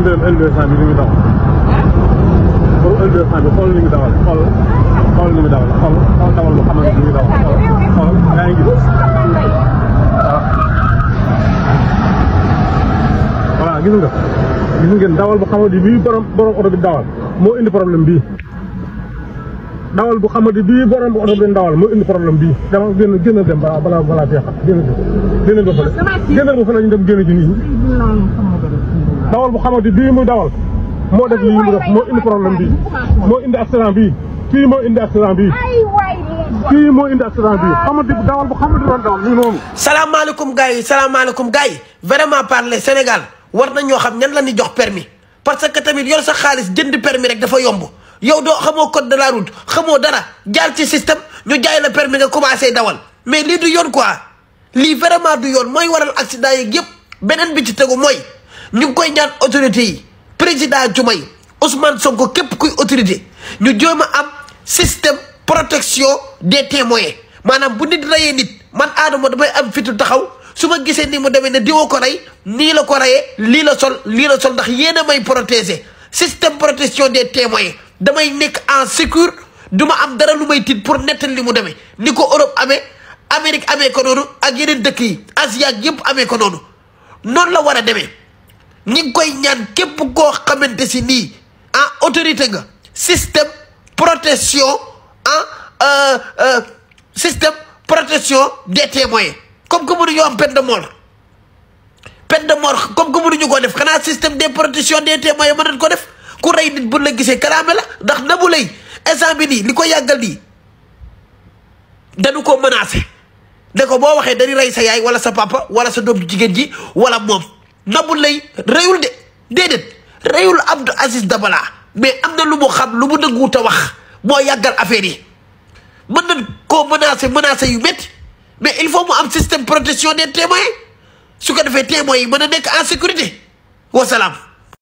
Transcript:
L2 L200 bi li muy dawal pour L200 bi xool li muy dawal xool xool li muy dawal xool xool dawal bu xamante ni muy dawal xool xool yaa ngi gis voilà gis nga gis ngeen dawal bu xamante ni bii borom borom oto bi dawal moo indi problème bii. dawal bu xamante bii borom oto bi dawal moo indi problème bii dama génn génn dem balaa balaa balaa jeexal génn dem génn dem fa la ñu dem génn ji nii. dawal bu xamante bii muy dawal moo def lii mu def moo indi problème bii moo indi accident bii kii moo indi accident bii kii moo indi accident bii xamante dawal bu xamante doon dawal nii noonu. salaamaaleykum gars yi salaamaaleykum gars yi vraiment parler Sénégal war na ñoo xam ñan la ñu jox permis parce que tamit yor sa xaalis jënd permis rek dafa yomb yow doo xamoo code de la route xamoo dara jaar ci système ñu jaay la permis nga commencé dawal mais lii du yoon quoi lii vraiment du yoon mooy waral accident yeeg yëpp beneen bi ci tegu mooy. ñu ngi koy ñaan autorité yi président Diomaye Ousmane Sonko képp kuy autorité ñu jéem a am système protection des témoins maanaam bu nit rayee nit man Adama damay am fitu taxaw su ma gisee ni mu demee ne diwoo ko rey nii la ko rayee lii la sol lii la sol ndax yéen a may protéger système protection des témoins damay nekk en sécure du ma am dara lu may tiit pour nettal li mu demee ni ko Europe amee Amérique amee ko noonu ak yeneen dëkk yi Asie ak yëpp amee ko noonu noonu la war a demee ñi koy ñaan képp koo xamante si nii ah autorité nga système protection ah euh, euh, système protection des témoins comme que mënuñoo am peine de mort pen de mort comme que mënuñu koo def xanaa système de protection des témoins mën nañ ko def ku rey nit bu la gisee karaame la ndax Nabou Leye instant bi nii li ko yàggal nii danu ko menacé ne ko boo waxee dañuy rey sa yaay wala sa papa wala sa doom jigéen ji wala moom Nabou Leye reyul de déedéet reyul Abdou Aziz Dabala mais am na lu mu xam lu mu dëgguut a wax moo yàggal affaire yi mën na ko menacé menacé yu métti mais il faut mu am système protection des témoins su ko defee témoins yi mën a nekk en sécurité wasalaam